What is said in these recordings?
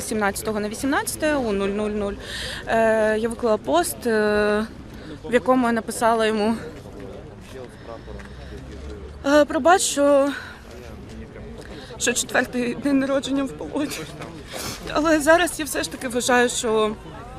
перенесли з 17 на 18 у 000. Е, я виклала пост, е, в якому я написала йому «Е, пробач, що що четвертий день народження в полоні. Але зараз я все ж таки вважаю, що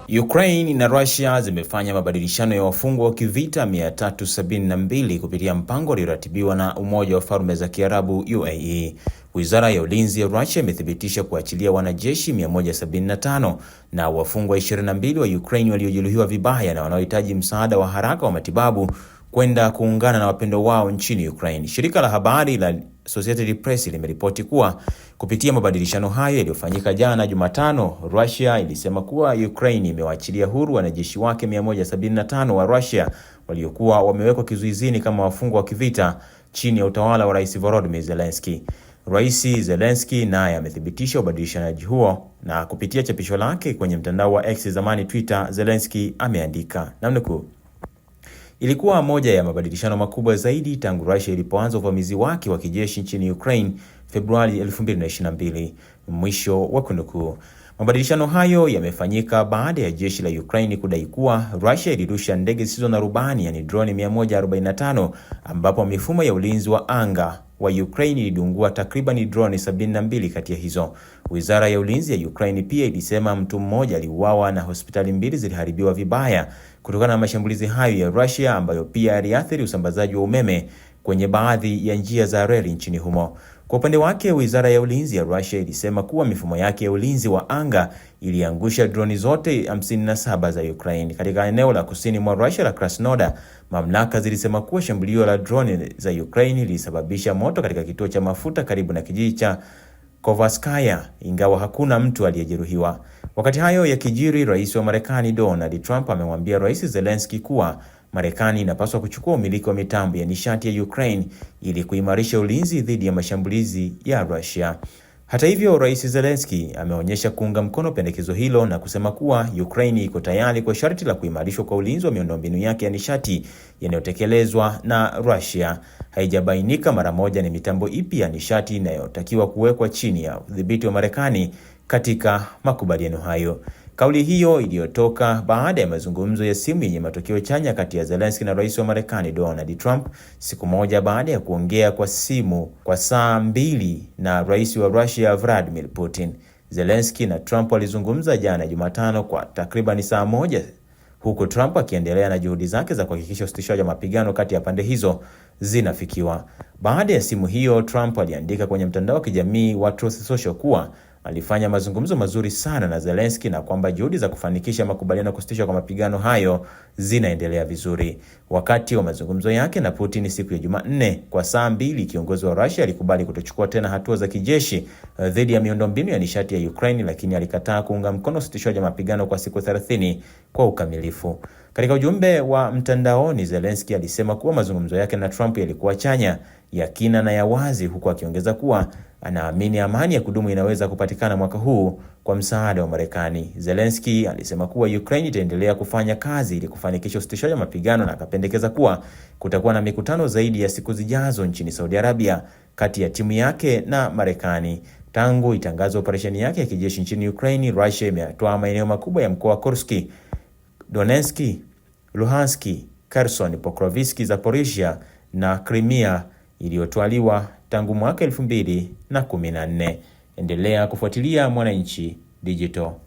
Ukraine na Russia zimefanya mabadilishano ya wafungwa wa kivita 372 kupitia mpango ulioratibiwa na Umoja wa Falme za Kiarabu UAE Wizara ya Ulinzi ya Russia imethibitisha kuachilia wanajeshi 175 na wafungwa 22 wa Ukraine waliojeruhiwa vibaya na wanaohitaji msaada wa haraka wa matibabu kwenda kuungana na wapendo wao nchini Ukraine. Shirika la habari la Associated Press limeripoti kuwa kupitia mabadilishano hayo yaliyofanyika jana Jumatano, Russia ilisema kuwa Ukraine imewaachilia huru wanajeshi wake 175 wa Russia waliokuwa wamewekwa kizuizini kama wafungwa wa kivita chini ya utawala wa Rais Volodymyr Zelensky. Rais Zelensky naye amethibitisha ubadilishanaji huo na kupitia chapisho lake kwenye mtandao wa X zamani Twitter, Zelensky ameandika namnukuu, ilikuwa moja ya mabadilishano makubwa zaidi tangu Russia ilipoanza uvamizi wake wa kijeshi nchini Ukraine Februari 2022, mwisho wa kunukuu. Mabadilishano hayo yamefanyika baada ya jeshi la Ukraine kudai kuwa Russia ilirusha ndege zisizo na rubani, yani droni 145, ambapo mifumo ya ulinzi wa anga wa Ukraine ilidungua takriban droni 72 kati ya hizo. Wizara ya Ulinzi ya Ukraine pia ilisema mtu mmoja aliuawa na hospitali mbili ziliharibiwa vibaya kutokana na mashambulizi hayo ya Russia ambayo pia yaliathiri usambazaji wa umeme kwenye baadhi ya njia za reli nchini humo. Kwa upande wake, Wizara ya Ulinzi ya Russia ilisema kuwa mifumo yake ya ulinzi wa anga iliangusha droni zote 57 za Ukraine. Katika eneo la kusini mwa Russia la Krasnodar, mamlaka zilisema kuwa shambulio la droni za Ukraine lilisababisha moto katika kituo cha mafuta karibu na kijiji cha Kovaskaya, ingawa hakuna mtu aliyejeruhiwa. Wakati hayo yakijiri, Rais wa Marekani Donald Trump amemwambia Rais Zelensky kuwa Marekani inapaswa kuchukua umiliki wa mitambo ya nishati ya Ukraine ili kuimarisha ulinzi dhidi ya mashambulizi ya Russia. Hata hivyo, Rais Zelensky ameonyesha kuunga mkono pendekezo hilo na kusema kuwa Ukraine iko tayari kwa sharti la kuimarishwa kwa ulinzi wa miundombinu yake ya nishati yanayotekelezwa na Russia. Haijabainika mara moja ni mitambo ipi ya nishati inayotakiwa kuwekwa chini ya udhibiti wa Marekani katika makubaliano hayo. Kauli hiyo iliyotoka baada ya mazungumzo ya simu yenye matokeo chanya kati ya Zelensky na Rais wa Marekani Donald Trump, siku moja baada ya kuongea kwa simu kwa saa mbili na Rais wa Russia Vladimir Putin. Zelensky na Trump walizungumza jana Jumatano kwa takribani saa moja huku Trump akiendelea na juhudi zake za kuhakikisha usitishaji wa mapigano kati ya pande hizo zinafikiwa. Baada ya simu hiyo, Trump aliandika kwenye mtandao wa kijamii wa Truth Social kuwa alifanya mazungumzo mazuri sana na Zelensky na kwamba juhudi za kufanikisha makubaliano kusitishwa kwa mapigano hayo zinaendelea vizuri. Wakati wa mazungumzo yake na Putin siku ya Jumanne kwa saa mbili, kiongozi wa Russia alikubali kutochukua tena hatua za kijeshi eh, dhidi ya miundombinu ya nishati ya Ukraine, lakini alikataa kuunga mkono usitishwaji wa mapigano kwa siku 30 kwa ukamilifu. Katika ujumbe wa mtandaoni, Zelensky alisema kuwa mazungumzo yake na Trump yalikuwa chanya, ya kina na ya wazi, huku akiongeza kuwa anaamini amani ya kudumu inaweza kupatikana mwaka huu kwa msaada wa Marekani. Zelensky alisema kuwa Ukraine itaendelea kufanya kazi ili kufanikisha usitishaji wa mapigano na akapendekeza kuwa kutakuwa na mikutano zaidi ya siku zijazo nchini Saudi Arabia kati ya timu yake na Marekani. Tangu itangaza operesheni yake ya kijeshi nchini Ukraine, Russia imetoa maeneo makubwa ya mkoa wa Kursk, Donetsk, Luhansk, Kherson, Pokrovsk, Zaporizhia na Crimea iliyotwaliwa tangu mwaka 2014. Endelea kufuatilia Mwananchi Digital.